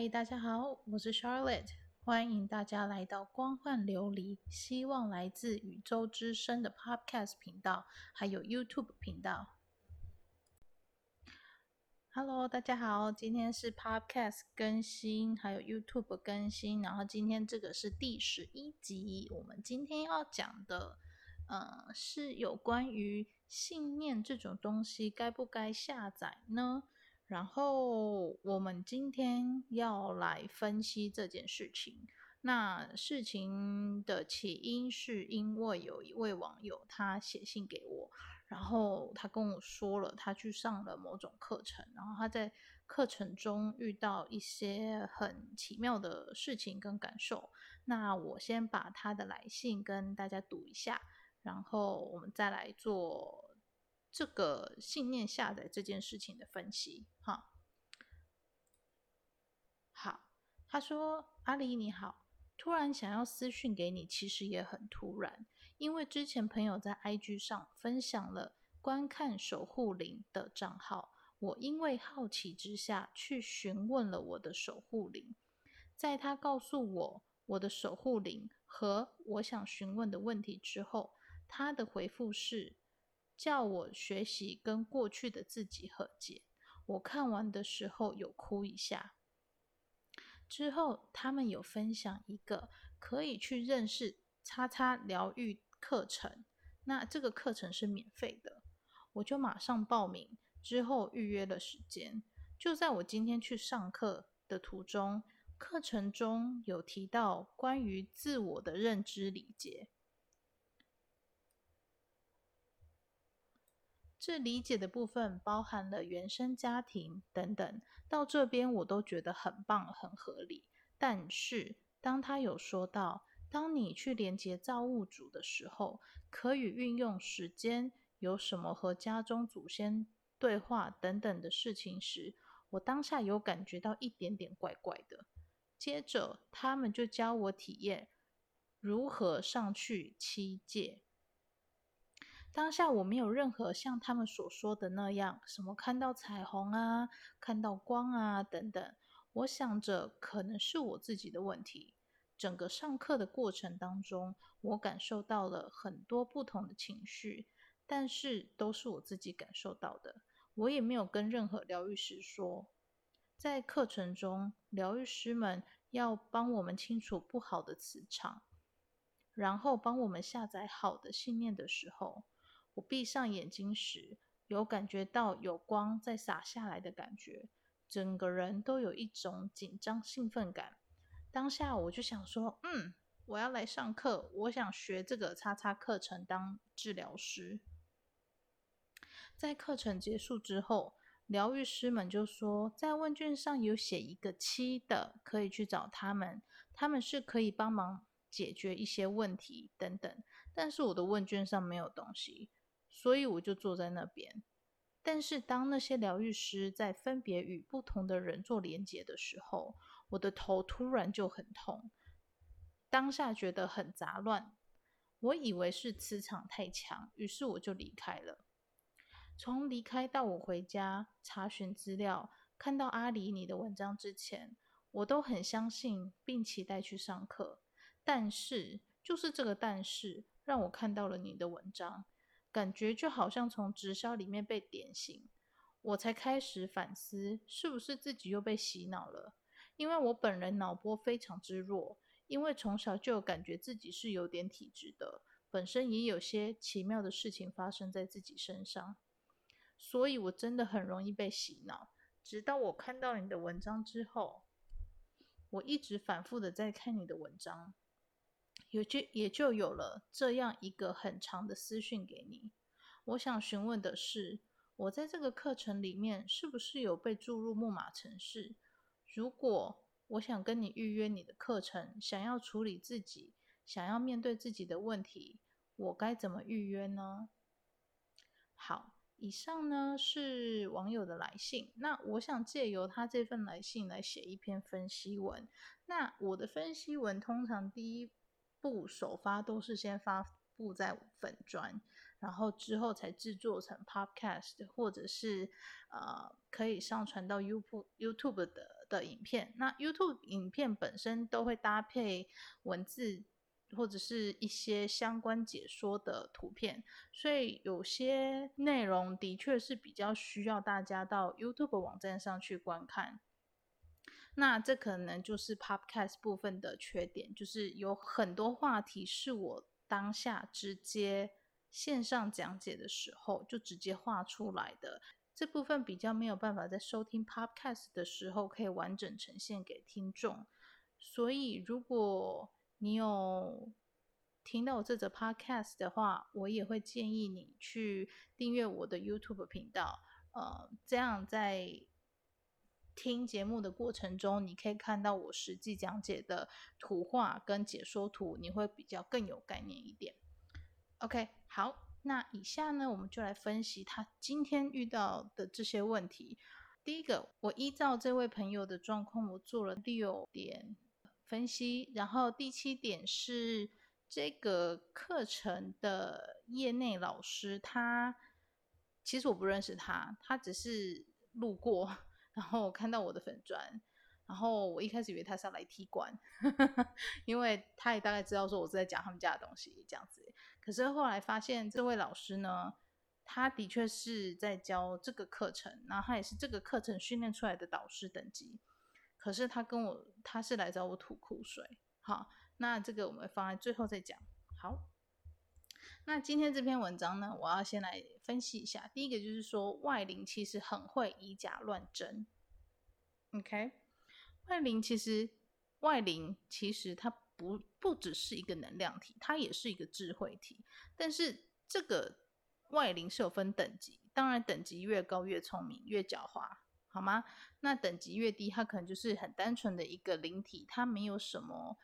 嘿，大家好，我是 Charlotte，歡迎大家來到《光喚琉璃》，希望來自宇宙之聲的 Podcast 頻道還有 YouTube 頻道。Hello，大家好，今天是 Podcast 更新，還有 YouTube 更新，然後今天這個是第十一集。我們今天要講的，呃，是有關於信念這種東西，該不該下載呢？然後我們今天要來分析這件事情。那事情的起因是因為有一位網友他寫信給我，然後他跟我說了，他去上了某種課程，然後他在課程中遇到一些很奇妙的事情跟感受。那我先把他的來信跟大家讀一下，然後我們再來做這個信念下載這件事情的分析，哈，好。他說：“阿里你好，突然想要私訊給你，其實也很突然，因為之前朋友在 IG 上分享了觀看守護靈的賬號，我因為好奇之下去詢問了我的守護靈，在他告訴我我的守護靈和我想詢問的問題之後，他的回復是。”叫我學習跟過去的自己和解。我看完的時候有哭一下。之後他們有分享一個可以去認識叉叉療癒課程，那這個課程是免費的，我就馬上報名。之後預約了時間，就在我今天去上課的途中，課程中有提到關於自我的認知理解。這理解的部分包含了原生家庭等等，到這邊我都覺得很棒、很合理。但是當他有說到，當你去連接造物主的時候，可以運用時間，有什麼和家中祖先對話等等的事情時，我當下有感覺到一點點怪怪的。接着他們就教我體驗如何上去七界。當下我沒有任何像他們所說的那樣，什麼看到彩虹啊，看到光啊等等。我想着可能是我自己的問題。整個上課的過程當中，我感受到了很多不同的情緒，但是都是我自己感受到的。我也沒有跟任何療癒師說。在課程中，療癒師們要幫我們清除不好的磁場，然後幫我們下載好的信念的時候，我閉上眼睛時，有感覺到有光在灑下來的感覺，整個人都有一種緊張興奮感。當下我就想說，嗯，我要來上課，我想學這個叉叉課程當治療師。在課程結束之後，療癒師們就說，在問卷上有寫一個七的，可以去找他們，他們是可以幫忙解決一些問題等等。但是我的問卷上沒有東西。所以我就坐在那邊。但是當那些療癒師在分別與不同的人做連接的時候，我的頭突然就很痛，當下覺得很雜亂。我以為是磁場太強，於是我就離開了。從離開到我回家查詢資料，看到阿璃你的文章之前，我都很相信並期待去上課。但是，就是這個“但是”，讓我看到了你的文章。感覺就好像從直銷裡面被點醒，我才開始反思是不是自己又被洗腦了。因為我本人腦波非常之弱，因為從小就感覺自己是有點體質的，本身也有些奇妙的事情發生在自己身上，所以我真的很容易被洗腦。直到我看到你的文章之後，我一直反覆的在看你的文章。也就也就有了這樣一個很長的私訊給你。我想詢問的是，我在這個課程裡面是不是有被注入木馬程式？如果我想跟你預約你的課程，想要處理自己，想要面對自己的問題，我該怎麼預約呢？好，以上呢是網友的來信。那我想借由他這份來信來寫一篇分析文。那我的分析文通常第一。部首發都是先發布在粉專，然後之後才製作成 podcast，或者是呃可以上傳到 YouTube、YouTube 的的影片。那 YouTube 影片本身都會搭配文字或者是一些相關解說的圖片，所以有些內容的確是比較需要大家到 YouTube 網站上去觀看。那這可能就是 Podcast 部分的缺點，就是有很多話題是我當下直接線上講解的時候就直接畫出來的，這部分比較沒有辦法在收聽 Podcast 的時候可以完整呈現給聽眾。所以如果你有聽到這則 Podcast 的話，我也會建議你去訂閱我的 YouTube 頻道，呃，這樣在，聽節目的過程中，你可以看到我實際講解的圖畫跟解說圖，你會比較更有概念一點。OK，好，那以下呢，我們就來分析他今天遇到的這些問題。第一個，我依照這位朋友的狀況，我做了六點分析，然後第七點是這個課程的業內老師，他其實我不認識他，他只是路過。然後看到我的粉專，然後我一開始以為他是要來踢館，哈哈哈，因為他也大概知道說我是在講他們家的東西這樣子。可是後來發現這位老師呢，他的確是在教這個課程，然後他也是這個課程訓練出來的導師等級。可是他跟我，他是來找我吐苦水。好，那這個我們放在最後再講。好。那今天這篇文章呢，我要先來分析一下。第一個就是說，外靈其實很會以假亂真。OK，外靈其實，外靈其實它不不只是一個能量體，它也是一個智慧體。但是這個外靈是有分等級，當然等級越高越聰明，越狡猾，好嗎？那等級越低，它可能就是很單純的一個靈體，它沒有什麼。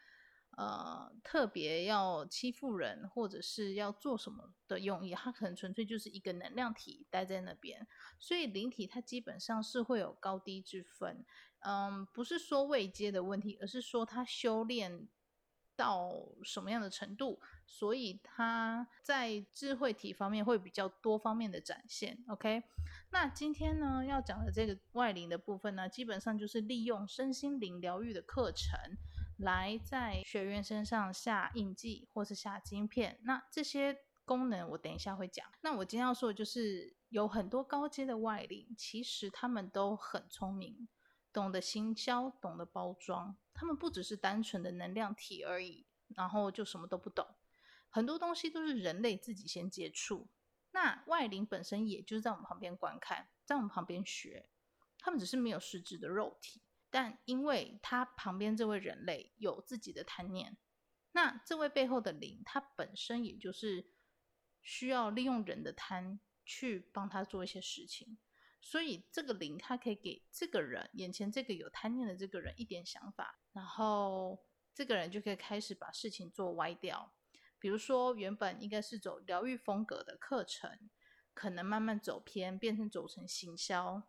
呃，特別要欺負人，或者是要做什麼的用意，它可能純粹就是一個能量體待在那邊。所以靈體它基本上是會有高低之分，嗯，不是說未接的問題，而是說它修煉到什麼樣的程度，所以它在智慧體方面會比較多方面的展現。OK，那今天呢要講的這個外靈的部分呢，基本上就是利用身心靈療癒的課程。來在學員身上下印記或是下晶片，那這些功能我等一下會講。那我今天要說的就是，有很多高階的外靈，其實他們都很聰明，懂得行銷，懂得包裝。他們不只是單純的能量體而已，然後就什麼都不懂。很多東西都是人類自己先接觸，那外靈本身也就在我們旁邊觀看，在我們旁邊學，他們只是沒有實質的肉體。但因為他旁邊這位人類有自己的貪念，那這位背後的靈，他本身也就是需要利用人的貪去幫他做一些事情，所以這個靈他可以給這個人眼前這個有貪念的這個人一點想法，然後這個人就可以開始把事情做歪掉，比如說原本應該是走療癒風格的課程，可能慢慢走偏，變成走成行銷。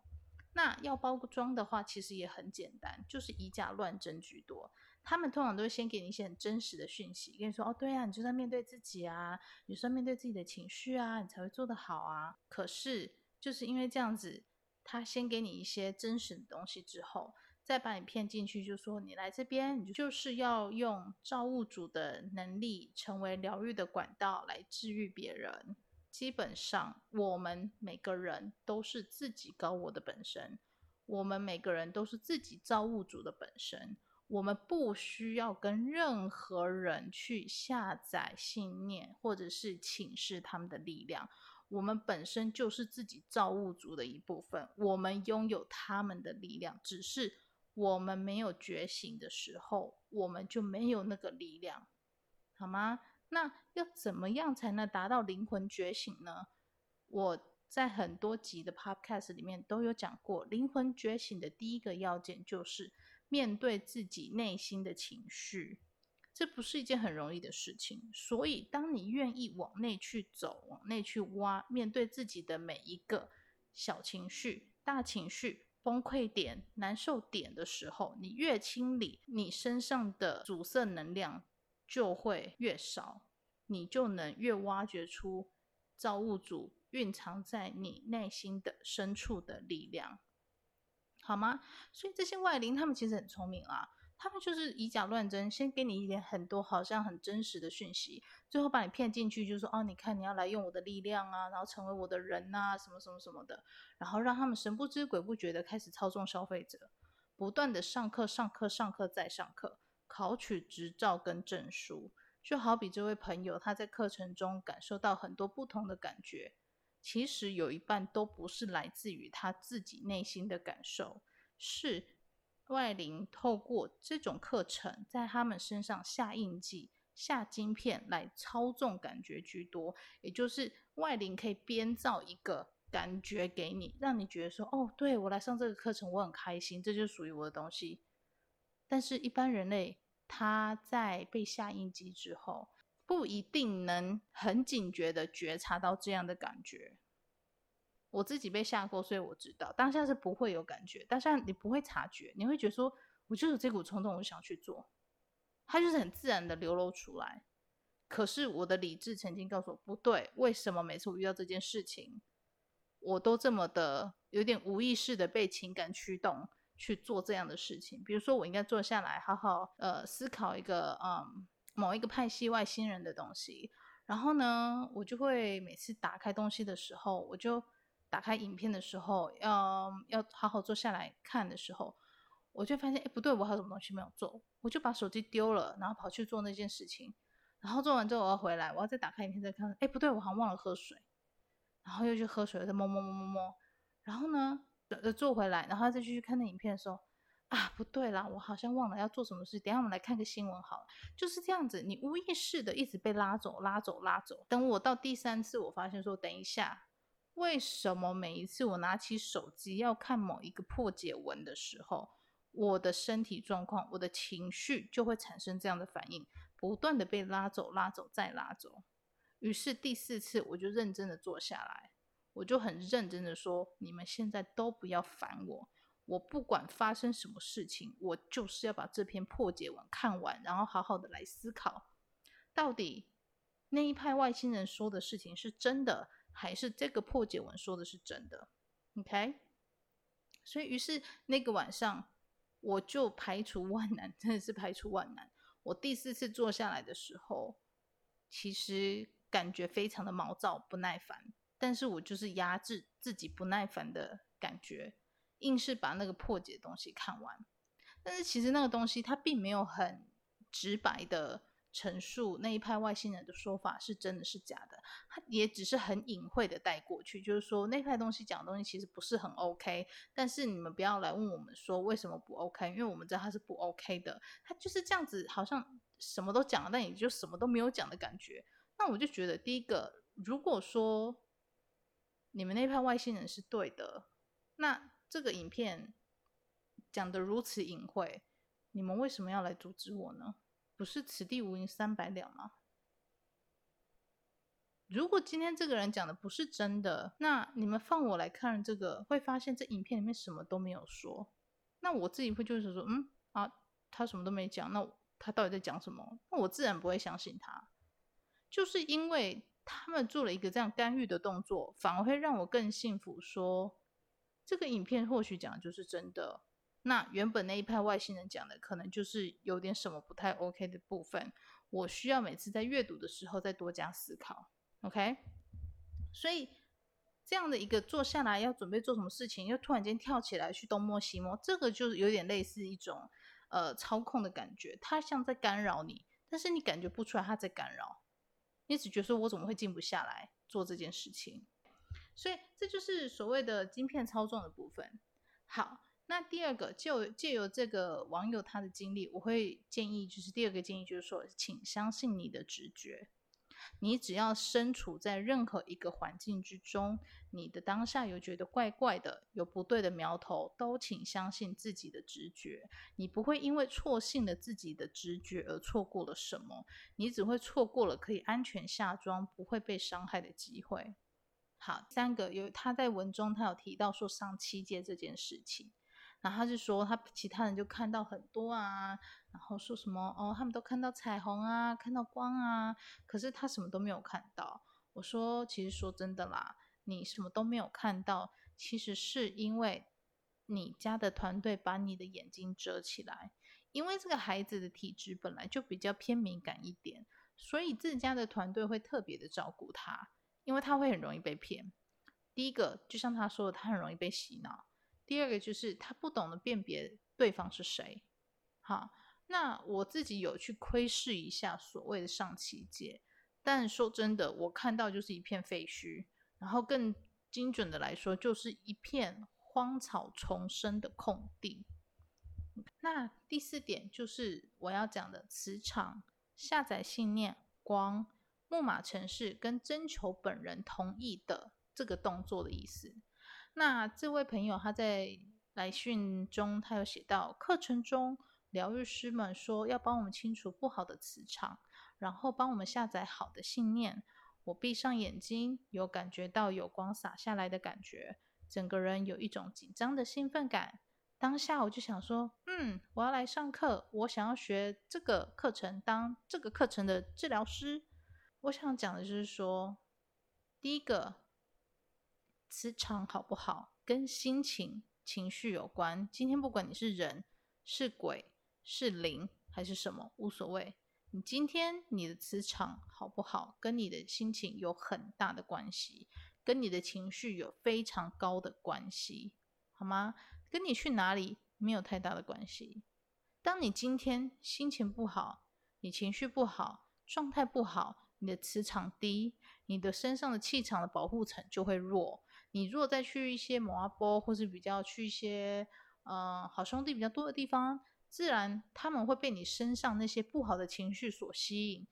那要包裝的話，其實也很簡單，就是以假亂真居多。他們通常都會先給你一些很真實的訊息，跟你說哦，對啊，你就在面對自己啊，你就算面對自己的情緒啊，你才會做得好啊。可是就是因為這樣子，他先給你一些真實的東西之後，再把你騙進去，就說你來這邊，你就是要用造物主的能力，成為療癒的管道來治癒別人。基本上，我們每個人都是自己高我的本身；我們每個人都是自己造物主的本身。我們不需要跟任何人去下載信念，或者是請示他們的力量。我們本身就是自己造物主的一部分，我們擁有他們的力量，只是我們沒有覺醒的時候，我們就沒有那個力量，好嗎？那要怎麼樣才能達到靈魂覺醒呢？我在很多集的 Podcast 裡面都有講過，靈魂覺醒的第一個要件就是面對自己內心的情緒，這不是一件很容易的事情。所以，當你願意往內去走，往內去挖，面對自己的每一個小情緒、大情緒、崩潰點、難受點的時候，你越清理你身上的阻塞能量。就會越少，你就能越挖掘出造物主蘊藏在你內心的深處的力量，好嗎？所以這些外靈他們其實很聰明啊，他們就是以假亂真，先給你一點很多好像很真實的訊息，最後把你騙進去就，就說哦，你看你要來用我的力量啊，然後成為我的人啊，什麼什麼什麼的，然後讓他們神不知鬼不覺的開始操縱消費者，不斷的上課上課上課，上課再上課，考取執照跟證書，就好比這位朋友，他在課程中感受到很多不同的感覺，其實有一半都不是來自於他自己內心的感受，是外靈透過這種課程在他們身上下印記、下晶片來操縱感覺居多，也就是外靈可以編造一個感覺給你，讓你覺得說，哦，對，我來上這個課程，我很開心，這就屬於我的東西。但是，一般人類他在被下印記之後，不一定能很警覺的覺察到這樣的感覺。我自己被下過，所以我知道當下是不會有感覺，當下你不會察覺，你會覺得說，我就是這股衝動，我想去做，他就是很自然的流露出來。可是我的理智曾經告訴我不對，為什麼每次我遇到這件事情，我都這麼的有點無意識的被情感驅動？去做這樣的事情，比如說我應該坐下來好好呃思考一個嗯某一個派系外星人的東西，然後呢，我就會每次打開東西的時候，我就打開影片，的時候要要好好坐下來看的時候，我就發現哎、欸、不對，我還有什麼東西沒有做，我就把手機丟了，然後跑去做那件事情，然後做完之後我要回來，我要再打開影片再看，哎、欸、不對，我好像忘了喝水，然後又去喝水，再摸摸摸摸摸，然後呢？呃，坐回來，然後再繼續看那影片的時候，啊，不對啦，我好像忘了要做什麼事。等下我們來看個新聞好了，就是這樣子，你無意識的一直被拉走，拉走，拉走。等我到第三次，我發現說，等一下，為什麼每一次我拿起手機要看某一個破解文的時候，我的身體狀況，我的情緒就會產生這樣的反應，不斷的被拉走，拉走，再拉走。於是第四次，我就認真的坐下來。我就很認真的說，你們現在都不要煩我，我不管發生什麼事情，我就是要把這篇破解文看完，然後好好的來思考，到底那一派外星人說的事情是真的，還是這個破解文說的是真的？OK？所以於是那個晚上，我就排除萬難，真的是排除萬難。我第四次坐下來的時候，其實感覺非常的毛躁、不耐煩。但是我就是壓制自己不耐煩的感覺，硬是把那個破解的東西看完。但是其實那個東西它並沒有很直白的陳述那一派外星人的說法是真的是假的，它也只是很隱晦的帶過去，就是說那一派東西講的東西其實不是很 OK。但是你們不要來問我們說，為什麼不 OK？因為我們知道它是不 OK 的。它就是這樣子，好像什麼都講了，但也就什麼都沒有講的感覺。那我就覺得，第一個如果說。你們那派外星人是對的，那這個影片講的如此隱晦，你們為什麼要來阻止我呢？不是此地無銀三百兩嗎？如果今天這個人講的不是真的，那你們放我來看這個，會發現這影片裡面什麼都沒有說。那我自己會就是說，嗯，啊，他什麼都沒講，那他到底在講什麼？那我自然不會相信他，就是因為。他們做了一個這樣干預的動作，反而會讓我更幸福說。說這個影片或許講的就是真的，那原本那一派外星人講的，可能就是有點什麼不太 OK 的部分。我需要每次在閱讀的時候再多加思考。OK，所以這樣的一個坐下來要準備做什麼事情，又突然間跳起來去東摸西摸，這個就有點類似一種呃操控的感覺。它像在干擾你，但是你感覺不出來它在干擾。你只覺得說我怎麼會靜不下來做這件事情，所以這就是所謂的晶片操縱的部分。好，那第二個就借由這個網友他的經歷，我會建議就是第二個建議就是說，請相信你的直覺。你只要身處在任何一個環境之中，你的當下有覺得怪怪的，有不對的苗頭，都請相信自己的直覺。你不會因為錯信了自己的直覺而錯過了什麼，你只會錯過了可以安全下莊不會被傷害的機會。好，第三個，由於他在文中他有提到說上七界這件事情，那他是說他其他人就看到很多啊。然後說什麼哦？他們都看到彩虹啊，看到光啊，可是他什麼都沒有看到。我說，其實說真的啦，你什麼都沒有看到，其實是因為你家的團隊把你的眼睛遮起來。因為這個孩子的體質本來就比較偏敏感一點，所以自家的團隊會特別的照顧他，因為他會很容易被騙。第一個，就像他說的，他很容易被洗腦；第二個，就是他不懂得辨別對方是誰。哈。那我自己有去窺視一下所謂的上七界，但說真的，我看到就是一片廢墟，然後更精準的來說，就是一片荒草叢生的空地。那第四點就是我要講的磁場下載信念光、木馬程式跟徵求本人同意的這個動作的意思。那這位朋友他在來信中，他有寫到課程中，療癒師們說要幫我們清除不好的磁場，然後幫我們下載好的信念。我閉上眼睛，有感覺到有光灑下來的感覺，整個人有一種緊張的興奮感。當下我就想說，嗯，我要來上課，我想要學這個課程，當這個課程的治療師。我想講的就是說，第一個磁場好不好，跟心情、情緒有關。今天不管你是人是鬼。是零還是什麼無所謂。你今天你的磁場好不好，跟你的心情有很大的關係，跟你的情緒有非常高的關係，好嗎？跟你去哪裡沒有太大的關係。當你今天心情不好，你情緒不好，狀態不好，你的磁場低，你的身上的氣場的保護層就會弱。你如果再去一些墓仔埔，或是比較去一些嗯、呃、好兄弟比較多的地方。自然，他們會被你身上那些不好的情緒所吸引。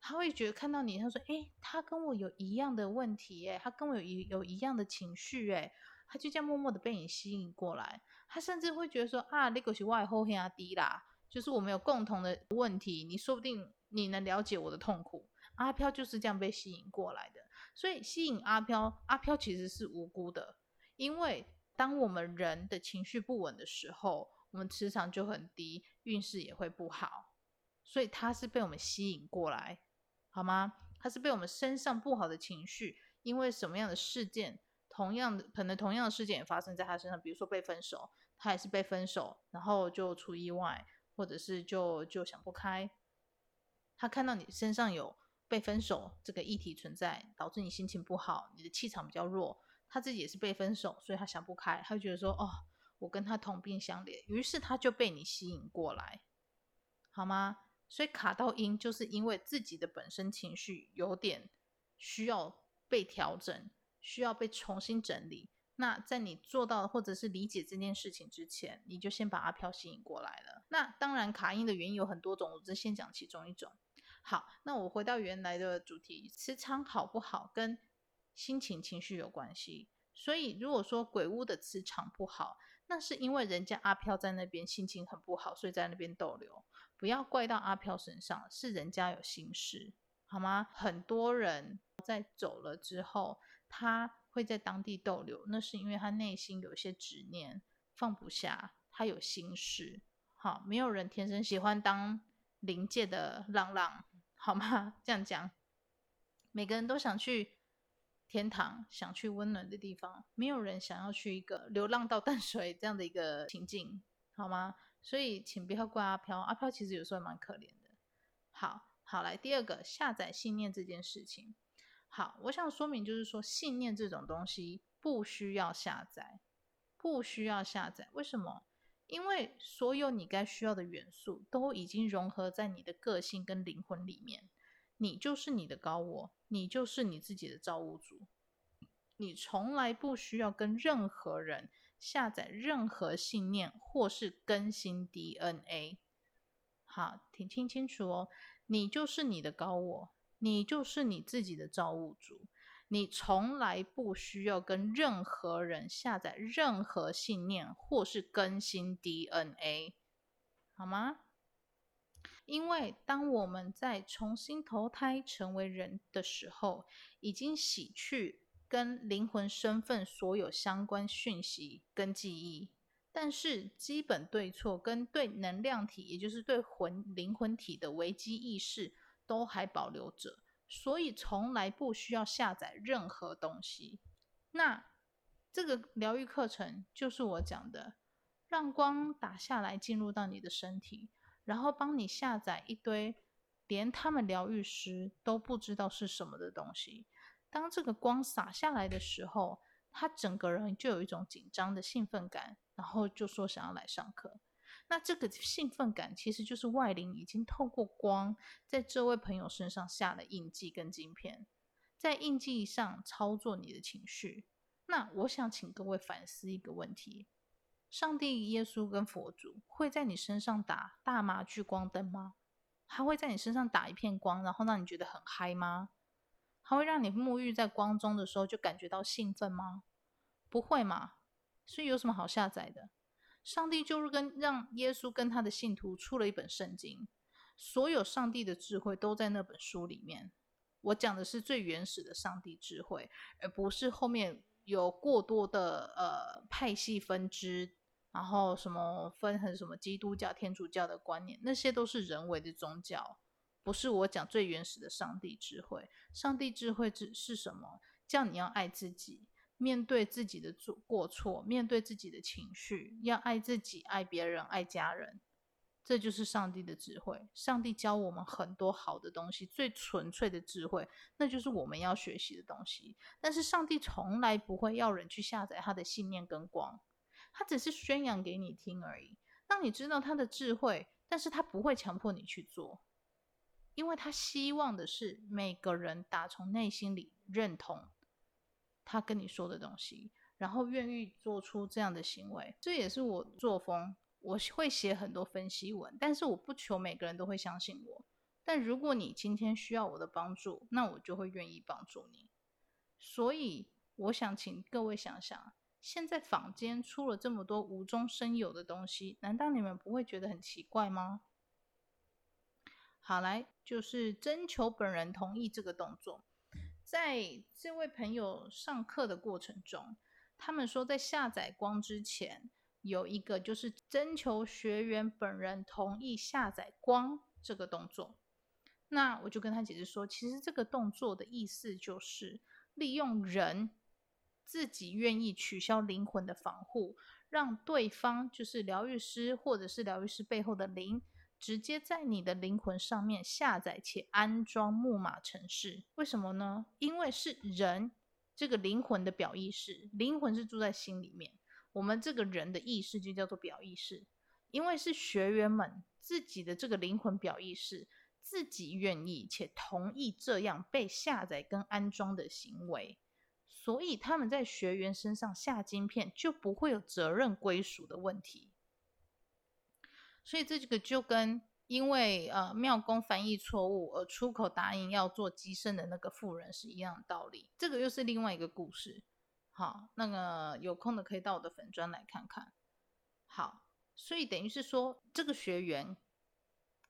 他會覺得看到你，他說：“誒，他跟我有一樣的問題，誒，他跟我有一有一樣的情緒，誒。他就這樣默默的被你吸引過來。他甚至會覺得說：啊，那個是外後很低啦，就是我們有共同的問題。你說不定你能了解我的痛苦。阿飄就是這樣被吸引過來的。所以，吸引阿飄，阿飄其實是無辜的，因為當我們人的情緒不穩的時候。我們磁場就很低，運勢也會不好，所以他是被我們吸引過來，好嗎？他是被我們身上不好的情緒，因為什麼樣的事件，同樣的可能同樣的事件也發生在他身上，比如說被分手，他也是被分手，然後就出意外，或者是就就想不開。他看到你身上有被分手這個議題存在，導致你心情不好，你的氣場比較弱，他自己也是被分手，所以他想不開，他就覺得說哦。我跟他同病相憐，於是他就被你吸引過來，好嗎？所以卡到陰就是因為自己的本身情緒有點需要被調整，需要被重新整理。那在你做到或者是理解這件事情之前，你就先把阿飄吸引過來了。那當然卡陰的原因有很多種，我只先講其中一種。好，那我回到原來的主題，磁場好不好跟心情情緒有關係。所以如果說鬼屋的磁場不好，那是因為人家阿飄在那邊心情很不好，所以在那邊逗留。不要怪到阿飄身上，是人家有心事，好嗎？很多人在走了之後，他會在當地逗留，那是因為他內心有一些執念放不下，他有心事。好，沒有人天生喜歡當靈界的浪浪，好嗎？這樣講，每個人都想去天堂，想去溫暖的地方，沒有人想要去一個流浪到淡水這樣的一個情境，好嗎？所以，請不要怪阿飄，阿飄其實有時候蠻可憐的。好，好來，第二個下載信念這件事情，好，我想說明就是說，信念這種東西不需要下載，不需要下載，為什麼？因為所有你該需要的元素都已經融合在你的個性跟靈魂裡面。你就是你的高我，你就是你自己的造物主，你從來不需要跟任何人下載任何信念或是更新 DNA。好，聽清楚哦，你就是你的高我，你就是你自己的造物主，你從來不需要跟任何人下載任何信念或是更新 DNA，好嗎？因為當我們在重新投胎成為人的時候，已經洗去跟靈魂身份所有相關訊息跟記憶，但是基本對錯跟對能量體，也就是對魂靈魂體的危機意識，都還保留着，所以從來不需要下載任何東西。那這個療癒課程就是我講的，讓光打下來進入到你的身體。然後幫你下載一堆連他們療癒師都不知道是什麼的東西。當這個光灑下來的時候，他整個人就有一種緊張的興奮感，然後就說想要來上課。那這個興奮感其實就是外靈已經透過光在這位朋友身上下了印記跟晶片，在印記上操作你的情緒。那我想請各位反思一個問題。上帝、耶穌跟佛祖會在你身上打大麻聚光燈嗎？他會在你身上打一片光，然後讓你覺得很嗨嗎？他會讓你沐浴在光中的時候就感覺到興奮嗎？不會嘛。所以有什麼好下載的？上帝就是跟讓耶穌跟他的信徒出了一本聖經，所有上帝的智慧都在那本書裡面。我講的是最原始的上帝智慧，而不是後面有過多的呃派系分支。然後什麼分很什麼基督教、天主教的觀念，那些都是人為的宗教，不是我講最原始的上帝智慧。上帝智慧是什麼？叫你要愛自己，面對自己的過錯，面對自己的情緒，要愛自己、愛別人、愛家人，這就是上帝的智慧。上帝教我們很多好的東西，最純粹的智慧，那就是我們要學習的東西。但是上帝從來不會要人去下載他的信念跟光。他只是宣揚給你聽而已，讓你知道他的智慧，但是他不會強迫你去做，因為他希望的是每個人打從內心裡認同他跟你說的東西，然後願意做出這樣的行為。這也是我作風，我會寫很多分析文，但是我不求每個人都會相信我。但如果你今天需要我的幫助，那我就會願意幫助你。所以，我想請各位想想。現在坊間出了這麼多無中生有的東西，難道你們不會覺得很奇怪嗎？好，來，就是徵求本人同意這個動作，在這位朋友上課的過程中，他們說在下載光之前有一個就是徵求學員本人同意下載光這個動作，那我就跟他解釋說，其實這個動作的意思就是利用人。自己願意取消靈魂的防護，讓對方就是療癒師或者是療癒師背後的靈，直接在你的靈魂上面下載且安裝木馬程式。為什麼呢？因為是人這個靈魂的表意識，靈魂是住在心裡面，我們這個人的意識就叫做表意識。因為是學員們自己的這個靈魂表意識，自己願意且同意這樣被下載跟安裝的行為。所以他們在學員身上下晶片，就不會有責任歸屬的問題。所以這個就跟因為呃廟公翻譯錯誤而出口答應要做乩身的那個婦人是一樣的道理。這個又是另外一個故事。好，那個有空的可以到我的粉專來看看。好，所以等於是說，這個學員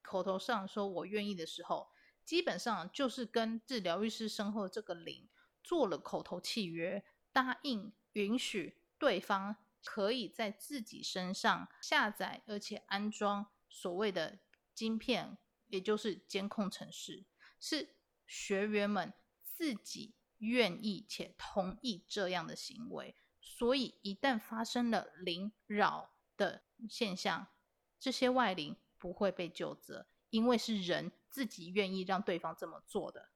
口頭上說我願意的時候，基本上就是跟治療醫師身後這個靈，做了口頭契約，答應允許對方可以在自己身上下載而且安裝所謂的晶片，也就是監控程式，是學員們自己願意且同意這樣的行為。所以一旦發生了靈擾的現象，這些外靈不會被究責，因為是人自己願意讓對方這麼做的，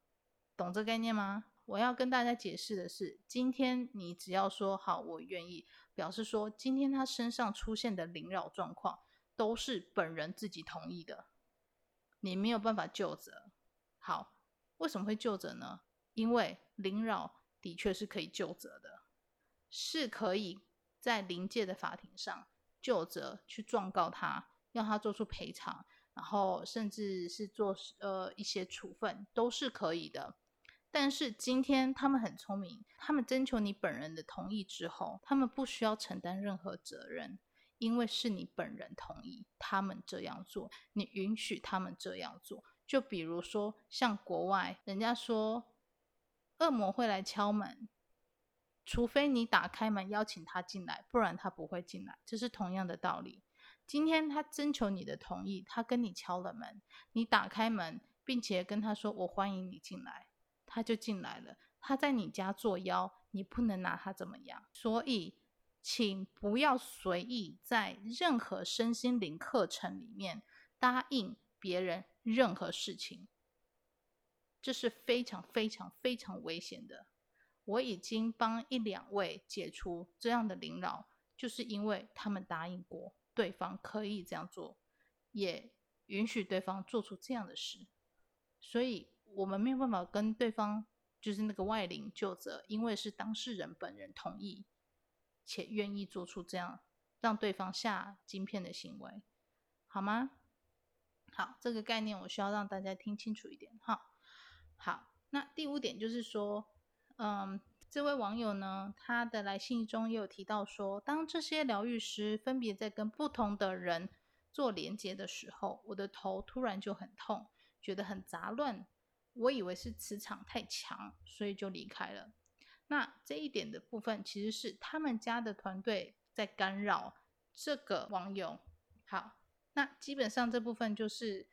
懂這概念嗎？我要跟大家解釋的是，今天你只要說“好，我願意”，表示說今天他身上出現的靈擾狀況都是本人自己同意的，你沒有辦法究責。好，為什麼會究責呢？因為靈擾的確是可以究責的，是可以在靈界的法庭上究責去狀告他，要他做出賠償，然後甚至是做呃一些處分都是可以的。但是今天他們很聰明，他們徵求你本人的同意之後，他們不需要承擔任何責任，因為是你本人同意他們這樣做，你允許他們這樣做。就比如說，像國外人家說，惡魔會來敲門，除非你打開門邀請他進來，不然他不會進來。這是同樣的道理。今天他徵求你的同意，他跟你敲了門，你打開門，並且跟他說：“我歡迎你進來。”他就進來了，他在你家作妖，你不能拿他怎麼樣。所以，請不要隨意在任何身心靈課程裡面答應別人任何事情，這是非常非常非常危險的。我已經幫一兩位解除這樣的靈擾，就是因為他們答應過對方可以這樣做，也允許對方做出這樣的事，所以。我們沒有辦法跟對方，就是那個外靈就責。因為是當事人本人同意且願意做出這樣讓對方下晶片的行為，好嗎？好，這個概念我需要讓大家聽清楚一點。哈，好。那第五點就是說，嗯，這位網友呢，他的來信中也有提到說，當這些療癒師分別在跟不同的人做連接的時候，我的頭突然就很痛，覺得很雜亂。我以為是磁場太強，所以就離開了。那這一點的部分其實是他們家的團隊在干擾這個網友。好，那基本上這部分就是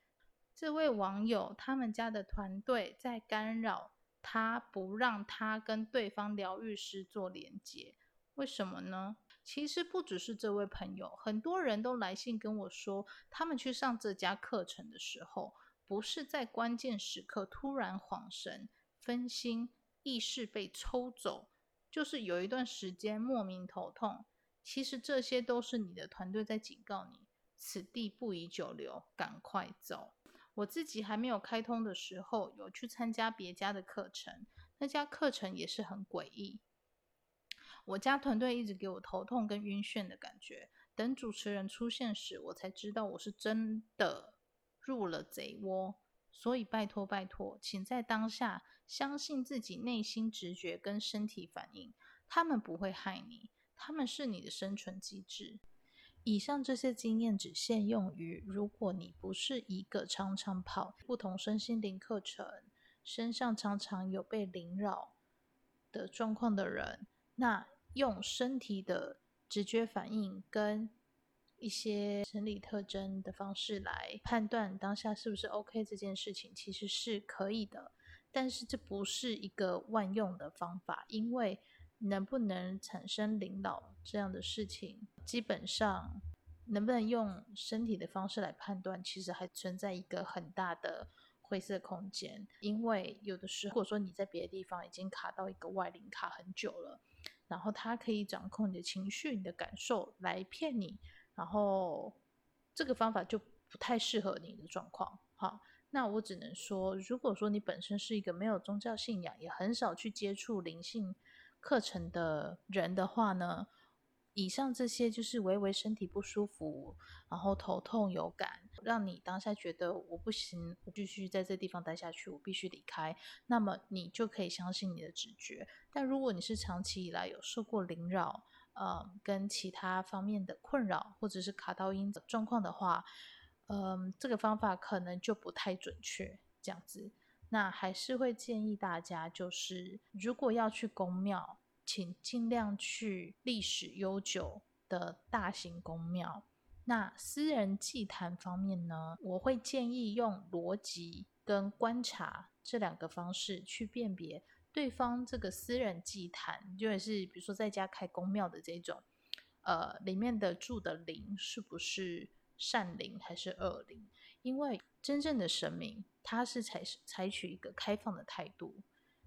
這位網友他們家的團隊在干擾他，不讓他跟對方療癒師做連接。為什麼呢？其實不只是這位朋友，很多人都來信跟我說，他們去上這家課程的時候。不是在關鍵時刻突然恍神、分心、意識被抽走，就是有一段時間莫名頭痛。其實這些都是你的團隊在警告你：此地不宜久留，趕快走。我自己還沒有開通的時候，有去參加別家的課程，那家課程也是很詭異。我家團隊一直給我頭痛跟暈眩的感覺，等主持人出現時，我才知道我是真的，入了賊窩，所以拜托拜托，請在當下相信自己內心直覺跟身體反應，他們不會害你，他們是你的生存機制。以上這些經驗只限用於如果你不是一個常常跑不同身心靈課程、身上常常有被靈擾的狀況的人，那用身體的直覺反應跟，一些生理特徵的方式來判斷當下是不是 OK 這件事情，其實是可以的，但是這不是一個萬用的方法，因為能不能產生領導這樣的事情，基本上能不能用身體的方式來判斷，其實還存在一個很大的灰色空間。因為有的時候，如果說你在別的地方已經卡到一個外靈卡很久了，然後他可以掌控你的情緒、你的感受來騙你。然後，這個方法就不太適合你的狀況。好，那我只能說，如果說你本身是一個沒有宗教信仰，也很少去接觸靈性課程的人的話呢，以上這些就是微微身體不舒服，然後頭痛有感，讓你當下覺得我不行，我繼續在這地方待下去，我必須離開，那麼你就可以相信你的直覺。但如果你是長期以來有受過靈擾，呃、嗯，跟其他方面的困擾或者是卡到陰的狀況的話，呃、嗯，這個方法可能就不太準確，這樣子。那還是會建議大家，就是如果要去宮廟，請盡量去歷史悠久的大型宮廟。那私人祭壇方面呢，我會建議用邏輯跟觀察這兩個方式去辨別。對方這個私人祭壇，就也是比如說在家開宮廟的這種，呃，裡面的住的靈是不是善靈還是惡靈？因為真正的神明，他是採採取一個開放的態度。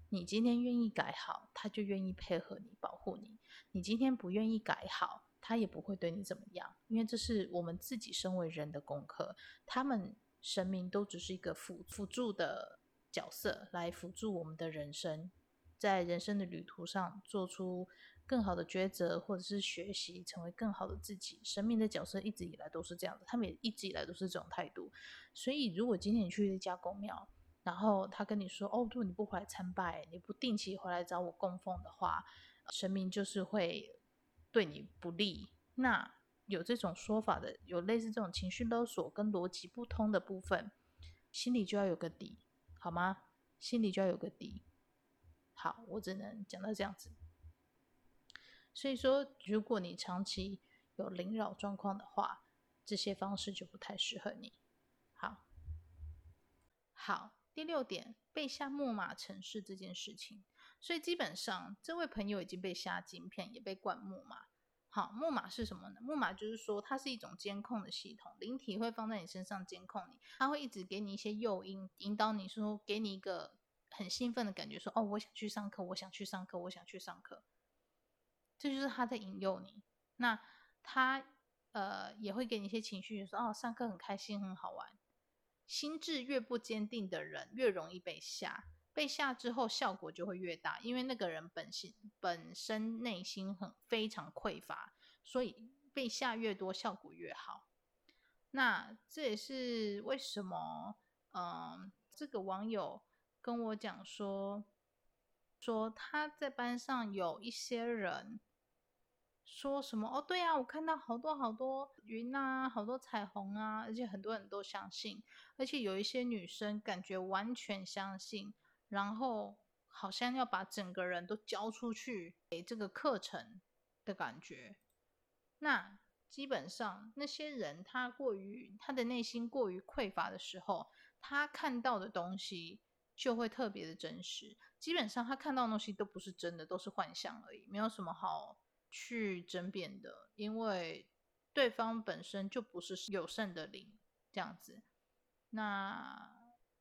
你今天願意改好，他就願意配合你，保護你；你今天不願意改好，他也不會對你怎麼樣。因為這是我們自己身為人的功課。他們神明都只是一個輔輔助的角色，來輔助我們的人生。在人生的旅途上做出更好的抉擇，或者是學習成為更好的自己。神明的角色一直以來都是這樣的，他們也一直以來都是這種態度。所以，如果今天你去一家公廟，然後他跟你說：“哦，如果你不回來參拜，你不定期回來找我供奉的話，呃，神明就是會對你不利。”那有這種說法的，有類似這種情緒勒索跟邏輯不通的部分，心裡就要有個底，好嗎？心裡就要有個底。好，我只能講到這樣子。所以說，如果你長期有靈擾狀況的話，這些方式就不太適合你。好，好，第六點，被下木馬程式這件事情。所以基本上，這位朋友已經被下晶片，也被灌木馬。好，木馬是什麼呢？木馬就是說，它是一種監控的系統，靈體會放在你身上監控你，它會一直給你一些誘因，引導你說，給你一個。很興奮的感覺，說：“哦，我想去上課，我想去上課，我想去上課。”這就是他在引誘你。那他呃也會給你一些情緒，說：“哦，上課很開心，很好玩。”心智越不堅定的人，越容易被嚇，被嚇之後效果就會越大，因為那個人本性本身內心很非常匱乏，所以被嚇越多，效果越好。那這也是為什麼，嗯、呃，這個網友。跟我講說，說他在班上有一些人說什麼，哦，對啊，我看到好多好多雲啊，好多彩虹啊，而且很多人都相信，而且有一些女生感覺完全相信，然後好像要把整個人都交出去給這個課程的感覺。那基本上那些人，他過於他的內心過於匱乏的時候，他看到的東西，就會特別的真實，基本上他看到的東西都不是真的，都是幻象而已，沒有什麼好去爭辯的，因為對方本身就不是有聖的靈這樣子。那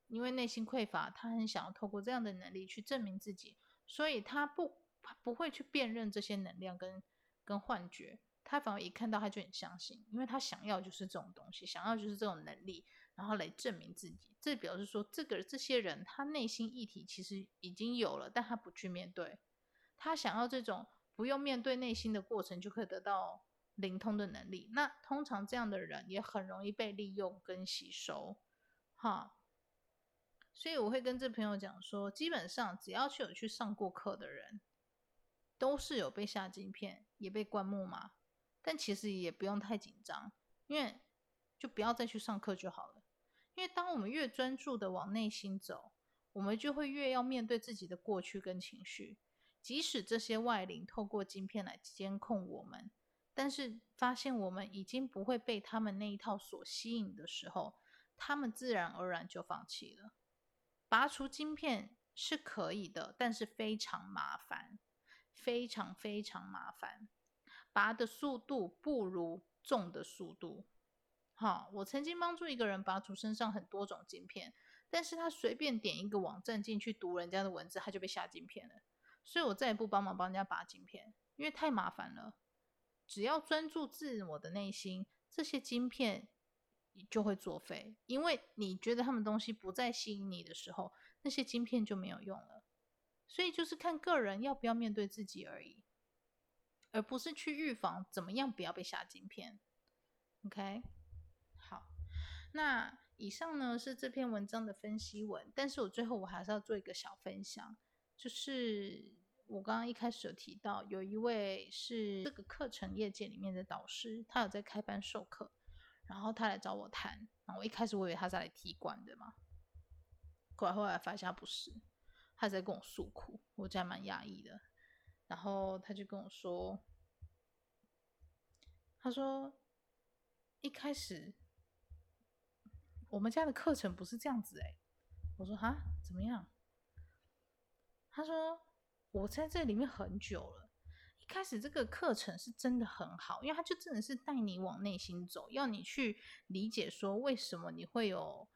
因為內心匱乏，他很想要透過這樣的能力去證明自己，所以他不他不會去辨認這些能量跟跟幻覺，他反而一看到他就很相信，因為他想要就是這種東西，想要就是這種能力。然後來證明自己，這表示說，這個這些人他內心議題其實已經有了，但他不去面對，他想要這種不用面對內心的過程，就可以得到靈通的能力。那通常這樣的人也很容易被利用跟吸收，哈。所以我會跟這朋友講說，基本上只要是有去上過課的人，都是有被下晶片，也被灌木馬，但其實也不用太緊張，因為就不要再去上課就好了。因為當我們越專注的往內心走，我們就會越要面對自己的過去跟情緒。即使這些外靈透過晶片來監控我們，但是發現我們已經不會被他們那一套所吸引的時候，他們自然而然就放棄了。拔除晶片是可以的，但是非常麻煩，非常非常麻煩，拔的速度不如種的速度。好，我曾經幫助一個人拔除身上很多種晶片，但是他隨便點一個網站進去讀人家的文字，他就被下晶片了。所以我再也不幫忙幫人家拔晶片，因為太麻煩了。只要專注自我的內心，這些晶片就會作廢，因為你覺得他們東西不再吸引你的時候，那些晶片就沒有用了。所以就是看個人要不要面對自己而已，而不是去預防怎麼樣不要被下晶片。OK。那以上呢是這篇文章的分析文，但是我最後我還是要做一個小分享，就是我剛剛一開始有提到，有一位是這個課程業界裡面的導師，他有在開班授課，然後他來找我談，然後我一開始我以為他是來踢館的嘛，後來後來發現他不是，他在跟我訴苦，我這樣蠻壓抑的，然後他就跟我說，他說一開始。我們家的課程不是這樣子誒、欸，我說哈怎麼樣？他說我在這裡面很久了，一開始這個課程是真的很好，因為他就真的是帶你往內心走，要你去理解說為什麼你會有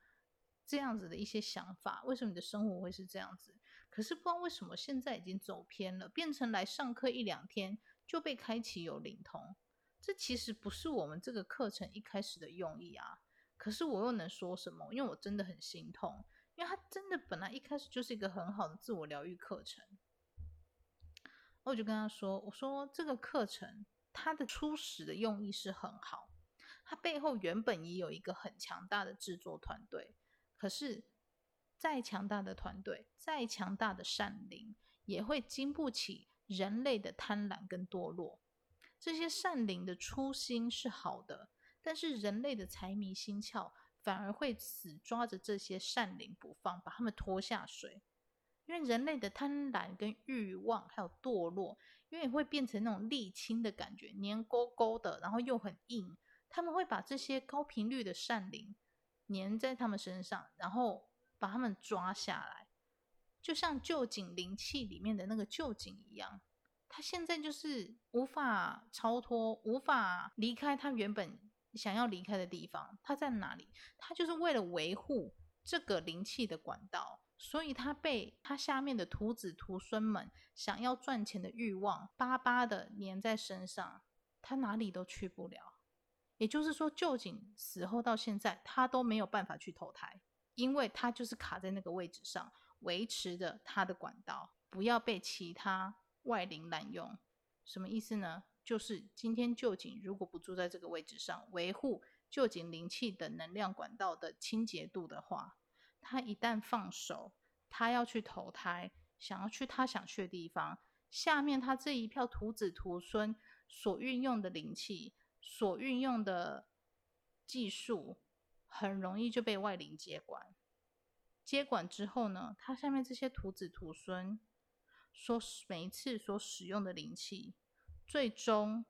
這樣子的一些想法，為什麼你的生活會是這樣子。可是不知道為什麼現在已經走偏了，變成來上課一兩天就被開啟有靈通，這其實不是我們這個課程一開始的用意啊。可是我又能說什麼？因為我真的很心痛，因為他真的本來一開始就是一個很好的自我療癒課程。我就跟他說：“我說這個課程它的初始的用意是很好，它背後原本也有一個很強大的製作團隊。可是再強大的團隊，再強大的善靈，也會經不起人類的貪婪跟墮落。這些善靈的初心是好的。”但是人類的財迷心竅，反而會死抓着這些善靈不放，把他們拖下水。因為人類的貪婪跟慾望，還有墮落，因為會變成那種瀝青的感覺，黏勾勾的，然後又很硬。他們會把這些高頻率的善靈黏在他們身上，然後把他們抓下來，就像臼井靈氣裡面的那個臼井一樣，他現在就是無法超脫，無法離開他原本.想要離開的地方，它在哪裡？它就是為了維護這個靈氣的管道，所以它被它下面的徒子徒孫們想要賺錢的欲望，巴巴的粘在身上，它哪裡都去不了。也就是說，臼井死後到現在，它都沒有辦法去投胎，因為它就是卡在那個位置上，維持着它的管道，不要被其他外靈濫用。什麼意思呢？就是今天臼井，如果不住在這個位置上，維護臼井靈氣的能量管道的清潔度的話，他一旦放手，他要去投胎，想要去他想去的地方，下面他這一票徒子徒孫所運用的靈氣，所運用的技術，很容易就被外靈接管。接管之後呢，他下面這些徒子徒孫所每一次所使用的靈氣。最終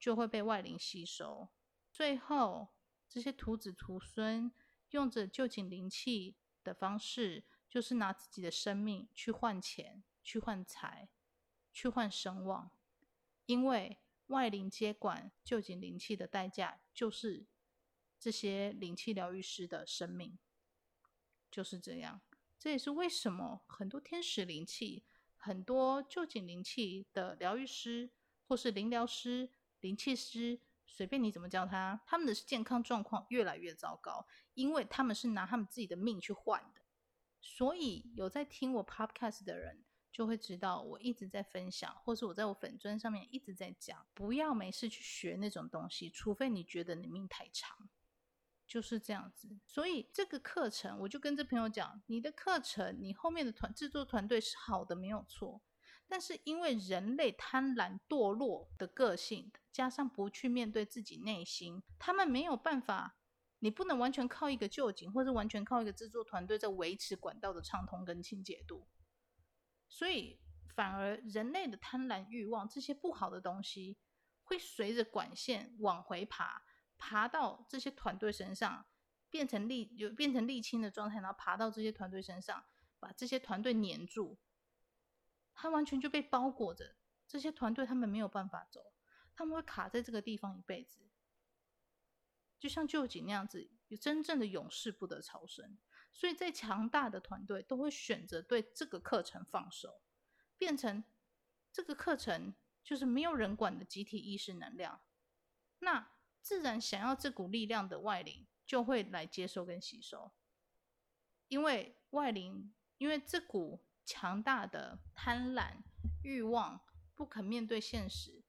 就會被外靈吸收。最後，這些徒子徒孫用着臼井靈氣的方式，就是拿自己的生命去換錢、去換財、去換聲望。因為外靈接管臼井靈氣的代價，就是這些靈氣療癒師的生命。就是這樣。這也是為什麼很多天使靈氣、很多臼井靈氣的療癒師。都是靈療師、靈氣師，隨便你怎麼叫他，他們的是健康狀況越來越糟糕，因為他們是拿他們自己的命去換的。所以有在聽我 Podcast 的人，就會知道我一直在分享，或是我在我粉專上面一直在講，不要沒事去學那種東西，除非你覺得你命太長，就是這樣子。所以這個課程，我就跟這朋友講，你的課程，你後面的團制作團隊是好的，沒有錯。但是因為人類貪婪墮落的個性，加上不去面對自己內心，他們沒有辦法。你不能完全靠一個舊景，或者完全靠一個制作團隊在維持管道的暢通跟清潔度。所以反而人類的貪婪欲望這些不好的東西，會隨着管線往回爬，爬到這些團隊身上，變成瀝就變成瀝青的狀態，然後爬到這些團隊身上，把這些團隊黏住。它完全就被包裹着，這些團隊他們沒有辦法走，他們會卡在這個地方一輩子，就像舊井那樣子，有真正的永世不得超生。所以再強大的團隊都會選擇對這個課程放手，變成這個課程就是沒有人管的集體意識能量。那自然想要這股力量的外靈就會來接收跟吸收，因為外靈，因為這股。強大的貪婪慾望，不肯面對現實，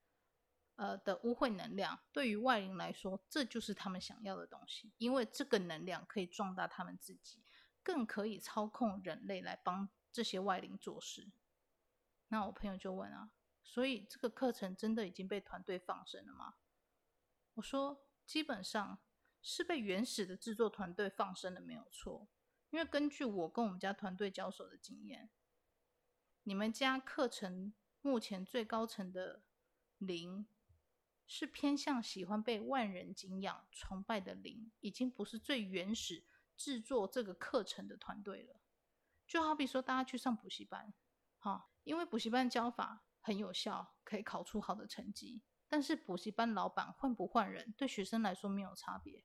呃的污穢能量，對於外靈來說，這就是他們想要的東西，因為這個能量可以壯大他們自己，更可以操控人類來幫這些外靈做事。那我朋友就問啊，所以這個課程真的已經被團隊放生了嗎？我說，基本上是被原始的制作團隊放生的，沒有錯，因為根據我跟我們家團隊交手的經驗。你們家課程目前最高層的靈，是偏向喜歡被萬人敬仰、崇拜的靈，已經不是最原始制作這個課程的團隊了。就好比說，大家去上補習班，哈、哦，因為補習班教法很有效，可以考出好的成績。但是補習班老板換不換人，對學生來說沒有差別。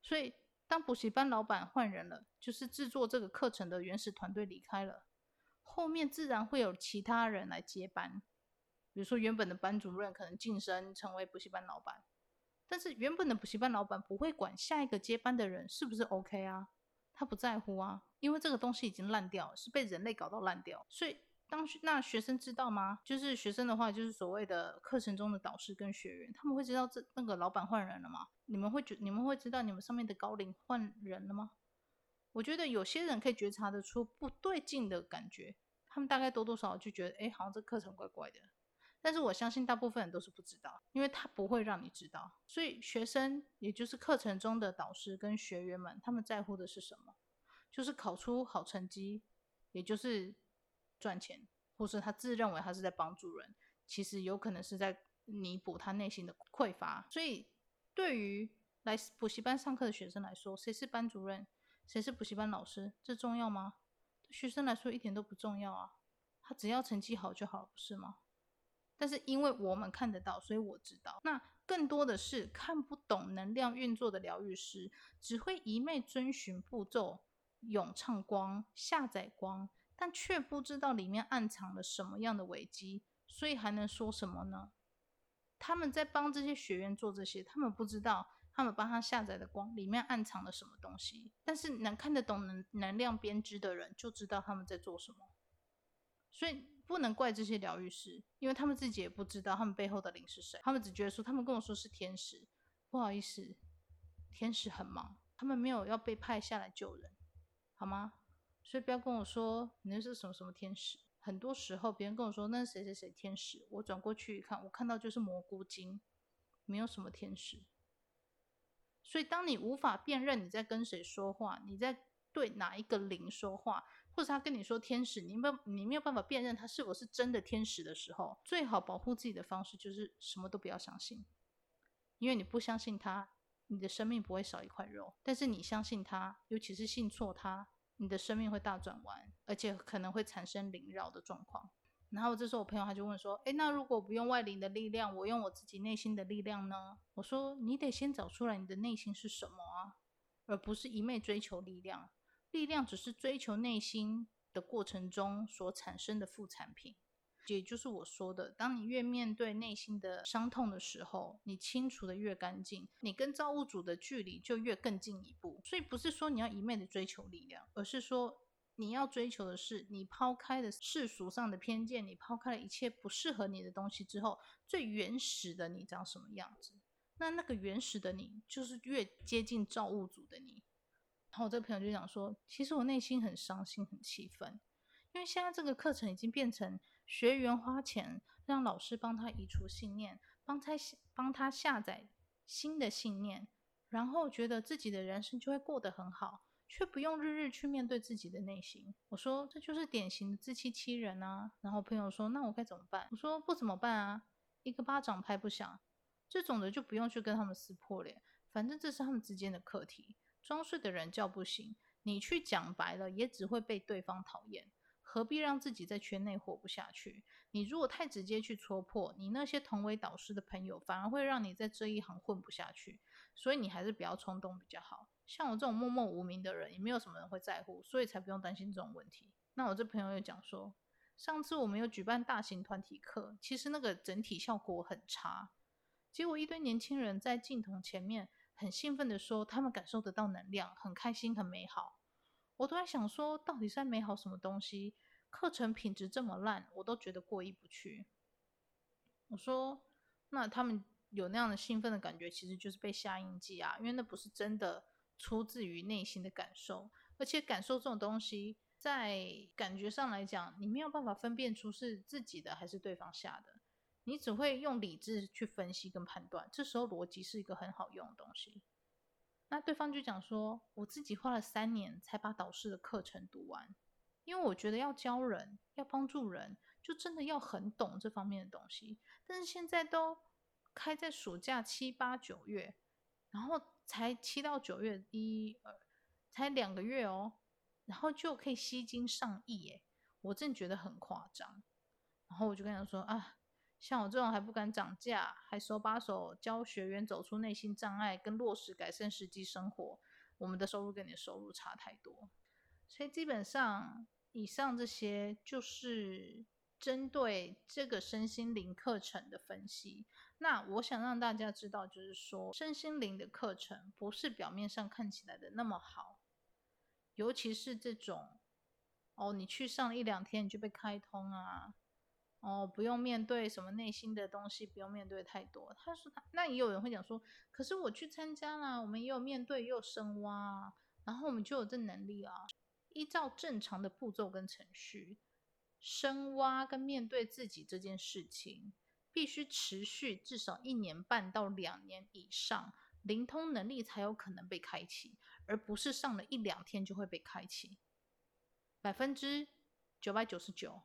所以，當補習班老板換人了，就是制作這個課程的原始團隊離開了。後面自然會有其他人來接班，比如說原本的班主任可能晉升成為補習班老板，但是原本的補習班老板不會管下一個接班的人是不是 OK 啊，他不在乎啊，因為這個東西已經爛掉了，是被人類搞到爛掉，所以當那學生知道嗎？就是學生的話，就是所謂的課程中的導師跟學員，他們會知道這那個老板換人了嗎？你們會覺你們會知道你們上面的高靈換人了嗎？我覺得有些人可以覺察得出不對勁的感覺，他們大概多多少少就覺得，哎，好像這課程怪怪的。但是我相信大部分人都是不知道，因為他不會讓你知道。所以學生，也就是課程中的導師跟學員們，他們在乎的是什麼？就是考出好成績，也就是賺錢，或是他自認為他是在幫助人，其實有可能是在彌補他內心的匱乏。所以對於來補習班上課的學生來說，誰是班主任？誰是補習班老師？這重要嗎？對學生來說一點都不重要啊，他只要成績好就好，不是嗎？但是因為我們看得到，所以我知道。那更多的是看不懂能量運作的療癒師，只會一昧遵循步驟，詠唱光、下載光，但卻不知道裡面暗藏了什麼樣的危機，所以還能說什麼呢？他們在幫這些學員做這些，他們不知道。他們幫他下載的光裡面暗藏了什麼東西，但是能看得懂能能量編織的人就知道他們在做什麼，所以不能怪這些療癒師，因為他們自己也不知道他們背後的靈是誰，他們只覺得說他們跟我說是天使。不好意思，天使很忙，他們沒有要被派下來救人，好嗎？所以不要跟我說你那是什麼什麼天使。很多時候別人跟我說那是誰誰誰天使，我轉過去一看，我看到就是蘑菇精，沒有什麼天使。所以，當你無法辨認你在跟誰說話，你在對哪一個靈說話，或者他跟你說天使，你沒有你沒有辦法辨認他是否是真的天使的時候，最好保護自己的方式就是什麼都不要相信，因為你不相信他，你的生命不會少一塊肉；但是你相信他，尤其是信錯他，你的生命會大轉彎，而且可能會產生靈擾的狀況。然後這時候我朋友他就問說，誒那如果不用外靈的力量，我用我自己內心的力量呢？我說你得先找出來你的內心是什麼啊，而不是一昧追求力量。力量只是追求內心的過程中所產生的副產品，也就是我說的，當你越面對內心的傷痛的時候，你清除得越乾淨，你跟造物主的距離就越更近一步。所以不是說你要一昧的追求力量，而是說。你要追求的是，你拋開的世俗上的偏見，你拋開了一切不適合你的東西之後，最原始的你長什麼樣子？那那個原始的你，就是越接近造物主的你。然後我這個朋友就講說，其實我內心很傷心、很氣憤，因為現在這個課程已經變成學員花錢讓老師幫他移除信念，幫他幫他下載新的信念，然後覺得自己的人生就會過得很好。卻不用日日去面對自己的內心。我說這就是典型的自欺欺人啊。然後朋友說，那我該怎麼辦？我說不怎麼辦啊，一個巴掌拍不響，這種的就不用去跟他們撕破臉，反正這是他們之間的課題。裝睡的人叫不醒，你去講白了也只會被對方討厭，何必讓自己在圈內活不下去？你如果太直接去戳破，你那些同為導師的朋友，反而會讓你在這一行混不下去。所以你還是不要衝動，比較好，像我這種默默無名的人，也沒有什麼人會在乎，所以才不用擔心這種問題。那我這朋友又講說，上次我們有舉辦大型團體課，其實那個整體效果很差，結果一堆年輕人在鏡頭前面很興奮的說，他們感受得到能量，很開心，很美好。我都在想說，到底在美好什麼東西？課程品質這麼爛，我都覺得過意不去。我說，那他們。有那樣的興奮的感覺，其實就是被下印記啊，因為那不是真的出自於內心的感受，而且感受這種東西，在感覺上來講，你沒有辦法分辨出是自己的還是對方下的，你只會用理智去分析跟判斷。這時候邏輯是一個很好用的東西。那對方就講說，我自己花了三年才把導師的課程讀完，因為我覺得要教人、要幫助人，就真的要很懂這方面的東西，但是現在都……開在暑假七八九月，然後才七到九月一二，才兩個月哦，然後就可以吸金上億耶！我真覺得很誇張。然後我就跟他說啊，像我這種還不敢漲價，還手把手教學員走出內心障礙跟落實改善實際生活，我們的收入跟你的收入差太多。所以基本上以上這些就是針對這個身心靈課程的分析。那我想讓大家知道，就是說，身心靈的課程不是表面上看起來的那麼好，尤其是這種，哦，你去上一兩天你就被開通啊，哦，不用面對什麼內心的東西，不用面對太多。他說他，那也有人會講說，可是我去參加了，啊，我們也有面對，也有深挖，然後我們就有這能力啊，依照正常的步驟跟程序，深挖跟面對自己這件事情。必須持續至少一年半到兩年以上，靈通能力才有可能被開啟，而不是上了一兩天就會被開啟。百分之九百九十九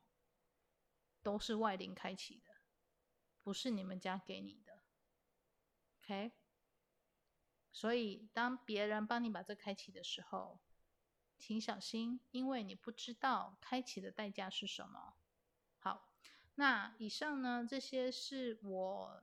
都是外靈開啟的，不是你們家給你的。OK，所以當別人幫你把這開啟的時候，請小心，因為你不知道開啟的代價是什麼。那以上呢，這些是我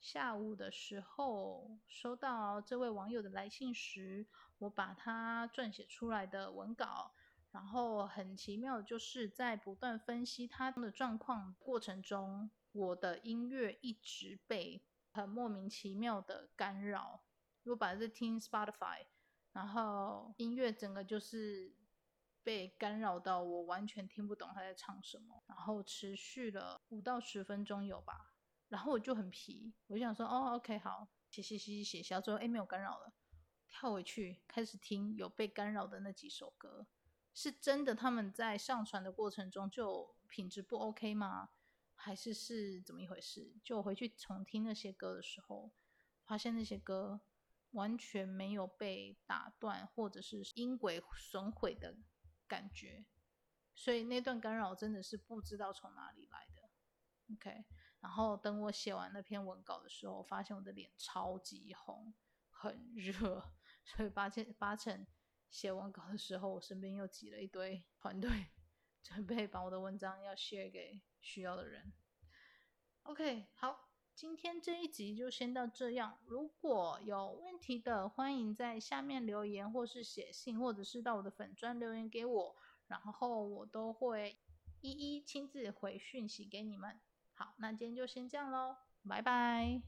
下午的時候收到這位網友的來信時，我把他撰寫出來的文稿，然後很奇妙的就是在不斷分析他的狀況過程中，我的音樂一直被很莫名其妙的干擾。我本來是聽 Spotify，然後音樂整個就是。被干擾到，我完全聽不懂他在唱什麼，然後持續了五到十分鐘有吧，然後我就很皮，我就想說，哦，OK，好，寫寫寫寫寫，寫，寫完之後，誒，沒有干擾了，跳回去開始聽有被干擾的那幾首歌，是真的他們在上傳的過程中就品質不 OK 嗎？還是是怎麼一回事？就回去重聽那些歌的時候，發現那些歌完全沒有被打斷，或者是音軌損毀的。感覺，所以那段干擾真的是不知道從哪裡來的。OK，然後等我寫完那篇文稿的時候，我發現我的臉超級紅，很熱。所以八成八成寫完稿的時候，我身邊又擠了一堆團隊，準備把我的文章要寫給需要的人。OK，好。今天這一集就先到這樣。如果有問題的，歡迎在下面留言，或是寫信，或者是到我的粉專留言給我，然後我都會一一親自回訊息給你們。好，那今天就先這樣嘍，拜拜。